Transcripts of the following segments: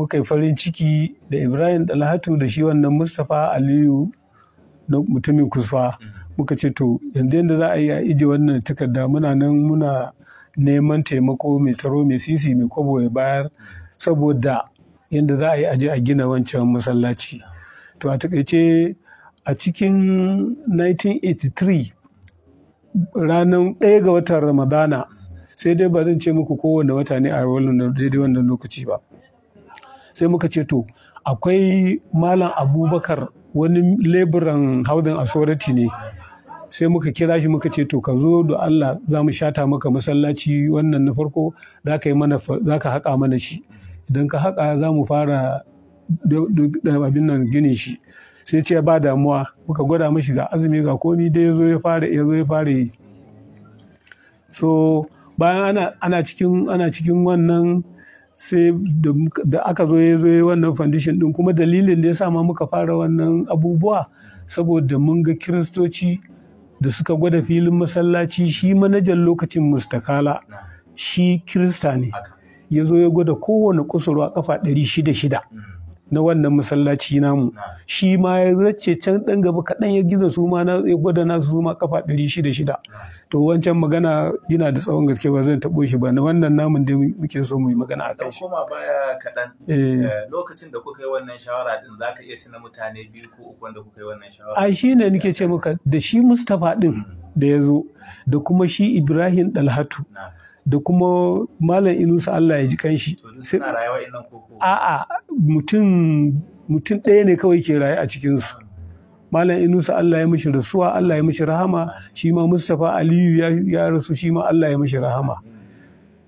muka yi farin ciki da ibrahim dalhatu da shi wannan mustapha aliyu na mutumin kusfa mm. muka ce to yanzu yadda za a yi a ije wannan takarda muna nan muna neman taimako mai taro mai sisi mai kwabo ya bayar saboda yadda za a yi aje a gina wancan masallaci to a takaice a cikin 1983 ranar ɗaya ga watan ramadana sai dai ba zan ce muku kowane wata ne a daidai wannan lokaci ba sai muka ce to akwai malam abubakar wani leburan haudin authority ne sai muka kira shi muka ce to ka zo da Allah za mu shata maka masallaci wannan na farko za ka haƙa mana shi idan ka haƙa za mu fara abin nan gini shi sai ce ba damuwa muka gwada mashi ga azumi ga komi da ya zo ya fara ya zo ya fara yi so bayan ana cikin wannan sai da aka zo ya zo wannan foundation din kuma dalilin da ya sa ma muka fara wannan abubuwa saboda mun ga kiristoci da suka gwada filin masallaci shi manajan lokacin mustakala shi kirista ne ya zo ya gwada kowane kusurwa kafa 600 na wannan masallaci namu shi ma ya zace can ɗan gaba kaɗan ya gizo su ma na ya gwada na su ma kafa ɗari shida shida to wancan magana yana da tsawon gaske ba zan taɓo shi ba na wannan namun da muke so mu yi magana a kai. kuma baya kadan eh. eh, lokacin da kuka yi wannan shawara din za ka iya tuna mutane biyu ko uku wanda kuka yi wannan shawara. ai shine nake ce maka da shi Mustapha din mm. da ya zo da kuma shi Ibrahim Dalhatu. da kuma malam inusa Allah ya ji kanshi a'a mutum ɗaya ne kawai ke raye a cikinsu malam inusa Allah ya mishi rasuwa Allah ya mishi rahama shi ma Mustapha Aliyu ya rasu shi ma Allah ya mishi rahama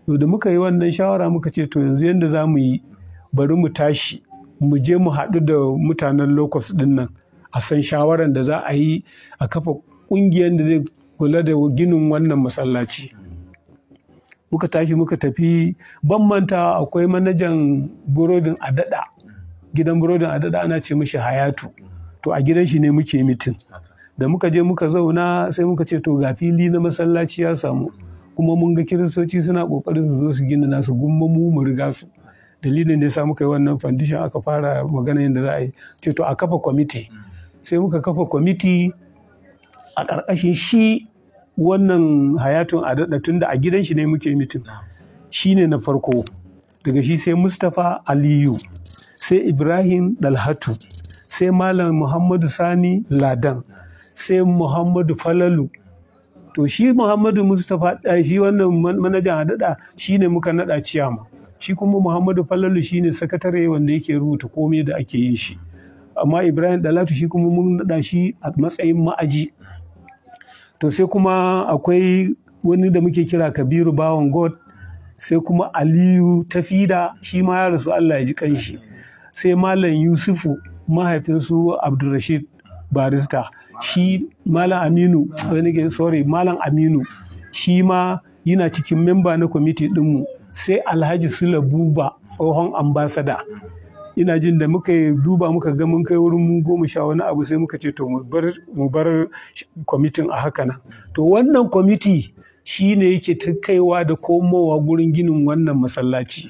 to da muka yi wannan shawara muka ce to yanzu yadda za mu yi bari mu tashi mu je mu haɗu da mutanen locus ɗin nan a san shawaran da za a yi a kafa ƙungiyar da zai kula da ginin wannan masallaci. muka tashi muka tafi ban manta akwai manajan burodin a daɗa gidan burodin a daɗa ana ce mishi hayatu to a gidan shi ne muke mitin da muka je muka zauna sai muka ce to ga fili na masallaci ya samu kuma mun ga kiristoci suna kokarin su zo su gina nasu gumma mu mu riga su dalilin da sa muka yi wannan foundation aka fara magana yadda za a yi ce to a kafa kwamiti sai muka kafa kwamiti a ƙarƙashin shi wannan hayatun a daɗa tun da a gidan shi ne muke mitin shi ne na farko daga shi sai mustapha aliyu sai ibrahim dalhatu sai malam muhammadu sani ladan sai muhammadu falalu to shi muhammadu mustapha eh, shi wannan manajan daɗa shi ne muka naɗa ciyama shi kuma muhammadu falalu shi ne sakatare wanda yake rubuta komai da ake yin shi amma ibrahim dalatu shi kuma mun naɗa shi a matsayin ma'aji to sai kuma akwai wani da muke kira kabiru Bawon god sai kuma aliyu tafida shi ma ya rasu allah ya ji kanshi sai malam yusufu mahaifinsu abdulrashid barista shi malam aminu sorry malam aminu shi ma yana cikin memba na kwamiti dinmu sai alhaji sula buba tsohon ambasada ina jin da muka duba muka ga mun kai wurin mu goma sha wani abu sai muka ce to mu bar kwamitin a haka nan to wannan kwamiti shi ne yake ta kaiwa da komowa gurin ginin wannan masallaci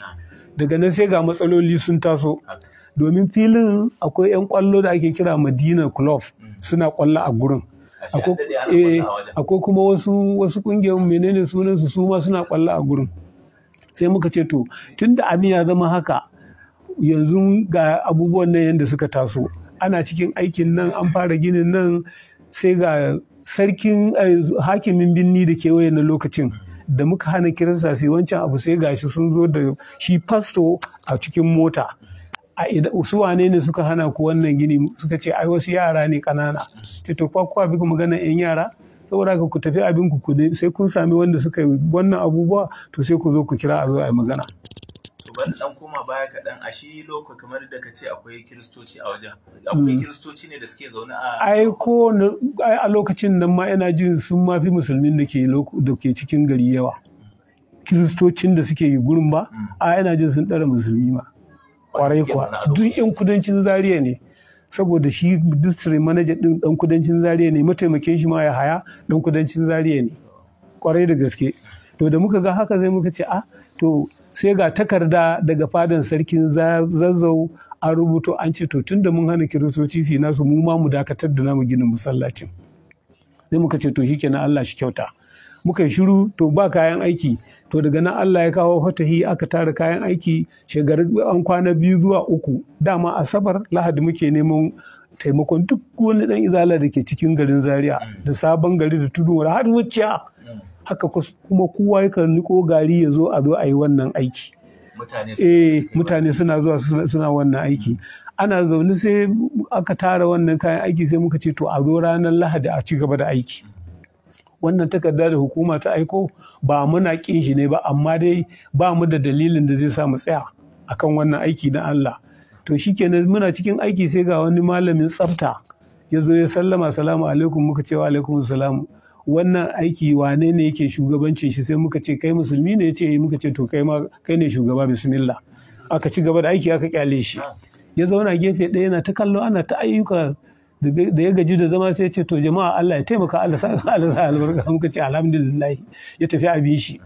daga nan sai ga matsaloli sun taso domin filin akwai 'yan kwallo da ake kira madina club suna kwallo a gurin eh, akwai kuma wasu wasu kungiyar menene sunansu su ma suna kwallo a gurin sai muka ce to tunda abin ya zama haka yanzu ga abubuwan nan yadda suka taso ana cikin aikin nan an fara ginin nan sai ga sarkin eh, hakimin binni da kewaye na lokacin da muka hana kirista sai wancan abu sai gashi sun zo da shi fasto a cikin mota a su wane ne suka hana ku wannan gini suka ce ai wasu yara ne kanana ce to kwa bi magana yan yara saboda ka ku tafi abin ku sai kun sami wanda suka yi wannan abubuwa to sai ku zo ku kira a zo a yi magana bari koma baya kaɗan a shi lokacin kamar da ka ce akwai kiristoci a wajen akwai mm. kiristoci ne da suke zaune a ai ko a lokacin nan ma ina jin sun ma fi musulmin da ke da ke cikin gari yawa kiristocin da suke gurin ba mm. a ina jin sun ɗara musulmi ma kwarai kuwa duk yan kudancin zaria ne saboda shi district manager din dan kudancin zaria ne mataimakin shi ma ya haya dan kudancin zaria ne kwarai da gaske to da muka ga haka zai muka ce a ah, to sai ga takarda daga fadan sarkin zazzau a rubuto an ce to tun da mun hana kiristoci su nasu mu ma mu dakatar da namu ginin masallacin sai muka ce to shikenan Allah shi kyauta muka yi shiru to ba kayan aiki to daga nan Allah ya kawo fatahi aka tara kayan aiki shekaru an kwana biyu zuwa uku dama asabar lahadi muke neman taimakon duk wani dan izala da ke cikin garin zaria da sabon gari da tudun har wuciya haka kuma kowa yakan niko gari ya zo a zo a yi wannan aiki mutane suna eh, zuwa suna wannan aiki ana zaune sai aka tara wannan kayan aiki sai muka ce to a zo ranar lahadi a ci gaba da aiki wannan takarda da hukuma ta aiko ba muna kin shi ne ba amma dai ba mu da dalilin da zai sa mu tsaya akan wannan aiki na Allah to shikenan muna cikin aiki sai ga wani malamin tsafta ya zo ya sallama salamu alaikum muka ce wa alaikum salamu wannan aiki wane ne yake shugabancin shi sai muka ce kai musulmi ne yace eh, muka ce to kai ma kai ne shugaba bismillah aka ci gaba da aiki aka kyale shi ya zauna gefe ɗaya yana ta kallo ana ta ayyuka da ya gaji da zama sai ya ce to jama'a Allah ya taimaka Allah sa Allah sa albarka muka ce alhamdulillah ya tafi bin shi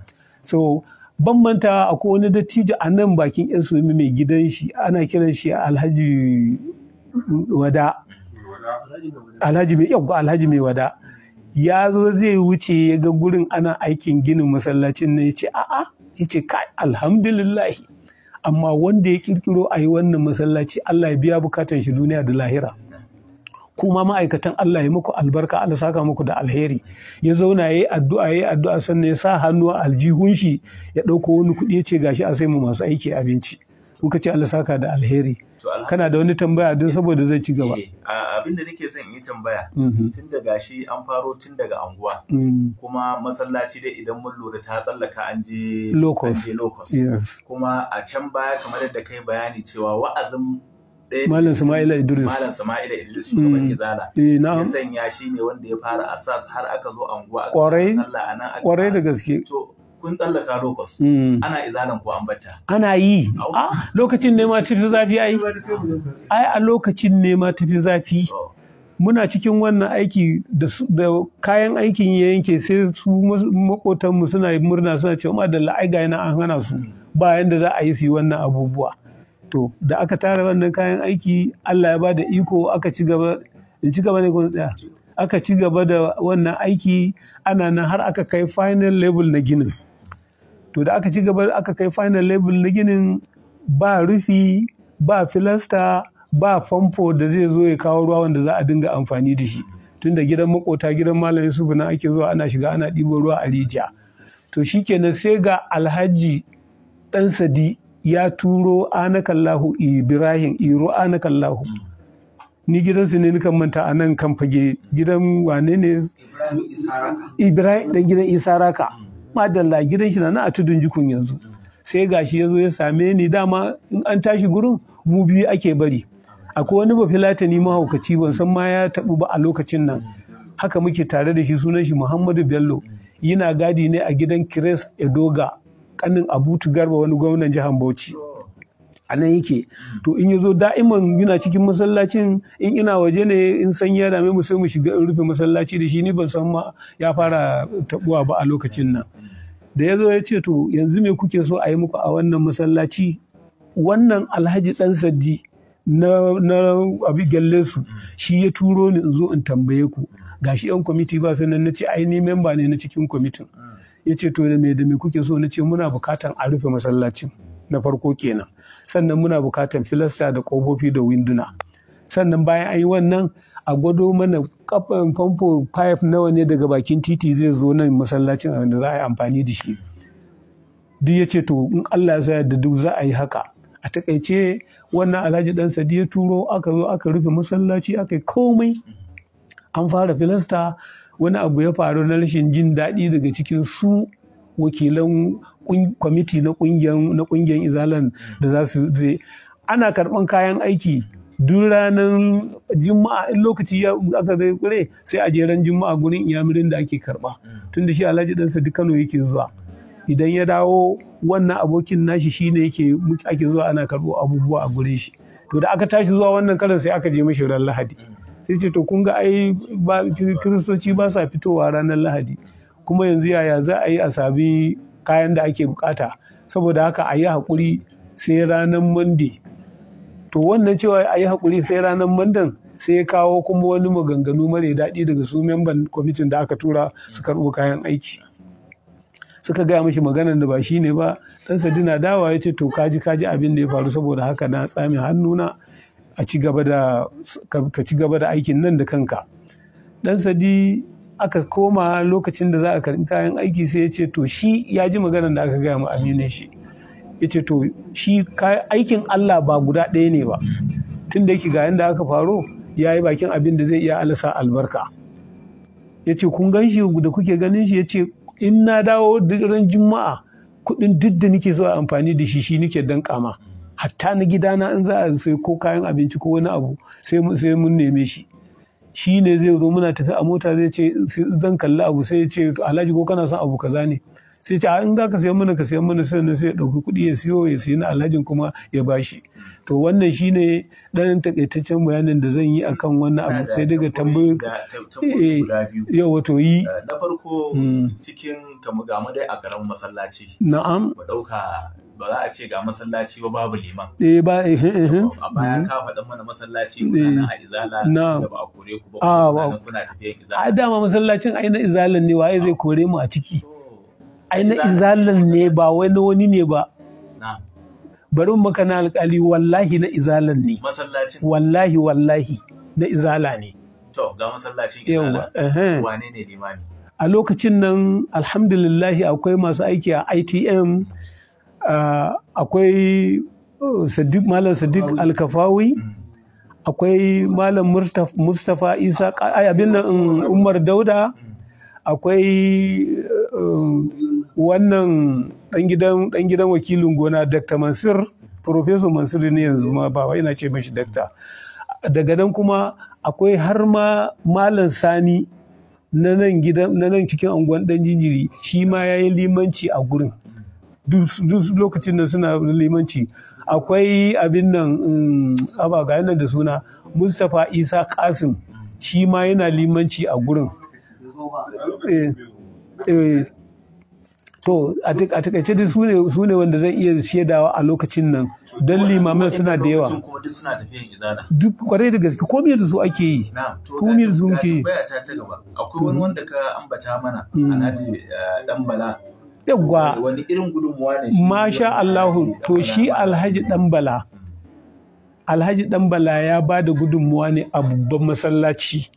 so bambanta akwai wani dattijo a nan bakin yan sumi mai gidan shi ana kiran shi alhaji wada alhaji mai alhaji mai wada ya zo zai wuce ya ga gurin ana aikin ginin masallacin na ya ce a'a ya ce kai alhamdulillahi amma wanda ya kirkiro a yi wannan masallaci Allah ya biya bukatan shi duniya da lahira kuma ma'aikatan Allah ya muku albarka Allah saka muku da alheri ya zauna ya yi addu'a ya yi addu'a sannan ya sa hannu a aljihun shi ya ɗauko wani kuɗi ya ce gashi a sai mu masu aiki abinci kuka ce Allah saka da alheri kana da wani tambaya don saboda zai ci gaba eh, abin da nake son yi tambaya mm-hmm. tun daga shi an faro tun daga anguwa mm. kuma masallaci dai idan mun lura ta tsallaka an je locus kuma a can baya kamar yadda kai bayani cewa wa'azin Malam Sama'ila Idris. Malam Sama'ila Idris shugaban mm. Izala. Eh na. Ya sanya shi ne wanda ya fara asas har aka zo anguwa aka sallah anan Kwarai da gaske. To kun tsallaka lokos hmm. ana izalan ko an bata. ana yi a ah, lokacin nema tafi zafi ai ai a lokacin nema tafi zafi oh. muna cikin wannan aiki da kayan aikin ya yanke sai su makotanmu suna murna suna cewa ma da ga yana an hana su ba yanda za a yi su yi wannan abubuwa to da aka tara wannan kayan aiki Allah ya ba da iko aka ci gaba in ci gaba ne kun tsaya aka ci gaba da wannan aiki ana nan har aka kai final level na ginin to da aka ci gaba aka kai final level na ginin ba rufi ba filasta ba famfo da zai zo ya kawo ruwa wanda za a dinga amfani da shi tunda gidan makota gidan malam yusufu na ake zuwa ana shiga ana ɗibo ruwa a rijiya to shi shikenan sai ga alhaji ɗan sadi ya turo anakallahu ibrahim iro anakallahu ni gidansu ne nukan manta a nan kan fage gidan wane ne ibrahim dan gidan isaraka mm. madalla gidan shi na a tudun jikun yanzu sai gashi ya zo ya same ni dama in an tashi gurin mu biyu ake bari akwai wani ni mahaukaci ban san ma ya taɓu ba a lokacin nan haka muke tare da shi sunan shi muhammadu bello yana gadi ne a gidan kires edoga kanin abutu garba wani gwamnan jihar bauchi a nan yake to in ya zo da'iman yana cikin masallacin in ina waje ne in san ya dame mu sai mu shiga rufe masallaci da shi ni ban san ma ya fara tabuwa ba a lokacin nan da ya zo ya ce to yanzu me kuke so a yi muku a wannan masallaci wannan alhaji dan saddi na, abi shi ya turo ni in zo in tambaye ku gashi yan kwamiti ba sannan na ce ai ni memba ne na cikin kwamitin ya ce to da me da me kuke so na ce muna bukatan a rufe masallacin na farko kenan sannan muna bukatan filasta da kofofi da winduna sannan bayan an yi wannan a gwado mana kafan famfo pipe nawa ne daga bakin titi zai zo nan masallacin da za a yi amfani da shi duk ya ce to in Allah ya da duk za a yi haka a takaice wannan alhaji dan sadi ya turo aka zo aka rufe masallaci aka yi komai an fara filasta wani abu ya faru na rashin jin daɗi daga cikin su wakilan kwamiti na ƙungiyar izalan da za su je ana karɓan kayan aiki duk ranar juma'a in lokaci ya aka zai kure sai a jeran juma'a gurin iyamirin da ake karba mm. tun da shi alhaji ɗansa duk kano yake zuwa idan ya dawo wannan abokin nashi shine yake ake zuwa ana karɓo abubuwa a gurin shi to da aka tashi zuwa wannan karin sai aka je mashi ran lahadi mm. sai ce to kun ga ai kiristoci ba sa fitowa ranar lahadi kuma yanzu yaya za a yi a sabi kayan da ake bukata saboda haka a yi haƙuri sai ranar monday to wannan cewa a yi haƙuri sai ranar mandan sai ya kawo kuma wani maganganu mare daɗi daga su memban kwamitin da aka tura su karɓo kayan aiki suka gaya mashi maganar da ba shi ne ba ɗan sadina dawa ya ce to kaji kaji abin da ya faru saboda haka na tsami hannuna a ci gaba da ka ci da aikin nan da kanka ɗan sadi aka koma lokacin da za a karɓi kayan aiki sai ya ce to shi ya ji maganar da aka gaya ma aminin shi yace to shi aikin Allah ba guda ɗaya ne ba tun da yake ga yanda aka faro ya yi bakin abin da zai iya alasa albarka Ya ce kun gan shi da kuke ganin shi Ya ce in na dawo ran juma'a kuɗin duk da nike zuwa amfani da shi shi nike dan kama hatta na gidana in za a sai ko kayan abinci ko wani abu sai mun neme shi shi ne zai zo muna tafi a mota zai ce zan kalli abu sai ya ce alhaji ko kana son abu kaza ne sai ce in za ka sayan mana ka sayan mana sai ya ɗauki kuɗi ya siyo ya sayi na alhajin kuma ya bashi to wannan shine ɗan takaitaccen bayanin da zan yi akan wannan abu sai daga tambayoyi eh, yau wato yi eh, na farko hmm. cikin gamu dai a garin masallaci na'am Ba ɗauka ba za a ce ga masallaci ba babu liman. Eh ba eh eh. eh. A baya hmm. ka faɗa mana masallaci kuna na izala da ba a kore ku ba. Ah, a ba kuna tafiyan izala. A dama masallacin ai na izalan ne wa zai kore mu a ciki. ai na izalan ne ba wai na wani ne ba bari maka na alƙali wallahi na izalan ne wallahi wallahi na izala ne to ga masallacin izala wane ne limami a lokacin nan alhamdulillahi akwai masu aiki a itm akwai uh, sadiq malam sadiq alkafawi mm. akwai malam mustapha isa abin nan um, umar dauda mm. akwai uh, um, wannan ɗan gidan wakilin gona dr mansur professor mansur ne yanzu ma ba wai ce mashi dakta daga nan kuma akwai har ma malam sani na nan cikin anguwan dan jinjiri shi ma ya yi limanci a gurin duk lokacin da suna limanci akwai abin nan mm, abaga nan da suna mustapha isa kasim shi ma yana limanci a gurin eh, eh, to a takaice dai su ne wanda zan iya shaidawa a lokacin nan don limaman suna da yawa duk kwarai da gaske ko da su ake yi ko miyar su muke yi akwai wani mm. wanda ka ambata mana mm. alhaji eh, dan bala yawwa wani irin gudunmuwa ne masha Allahu to shi alhaji dan bala alhaji dan bala ya ba da gudunmuwa ne a babban masallaci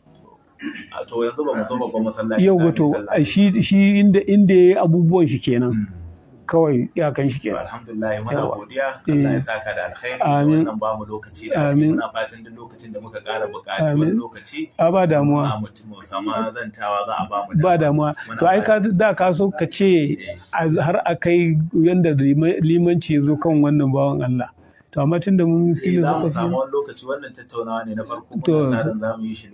to yanzu ba yau shi shi inda inda yayi abubuwan shi kenan mm. kawai kan shi kenan alhamdulillah godiya Allah ya eh. saka da alkhairi wannan ba mu lokaci da muka ƙara lokaci a ba damuwa ba damuwa to ai ka da ka so ka ce eh. har akai yanda limanci ya zo kan wannan bawan Allah to amma tun da mun sinu eh, za mu samu lokaci wannan tattaunawa ne na farko kuma sanin za mu yi shi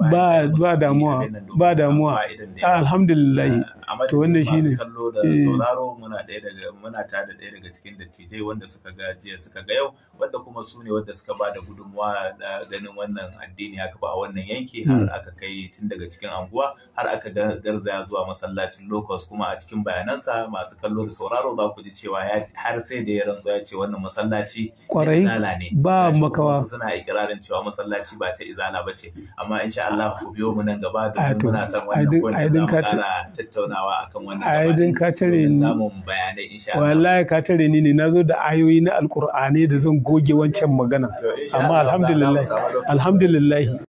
ba ba damuwa ba damuwa ah, alhamdulillah eh, to wannan kallo da eh. sauraro muna ɗaya daga muna da ɗaya daga cikin dattijai wanda suka ga jiya suka ga yau wanda kuma su ne wanda suka ba da gudunmuwa da ganin wannan addini haka ba a wannan yanki har hmm. aka kai tun daga cikin anguwa har aka garzaya zuwa masallacin locust kuma a cikin bayanansa masu kallo da sauraro za ku ji cewa har sai da ya rantsu ya ce wannan masallaci kwarai ba makawa suna ikirarin cewa masallaci ba ta izala ba ce amma insha Allah ku biyo mu tattaunawa akan ni samun bayanai insha wallahi ka ni ne nazo da ayoyi na alqur'ani da zan goge wancan magana amma alhamdulillah alhamdulillah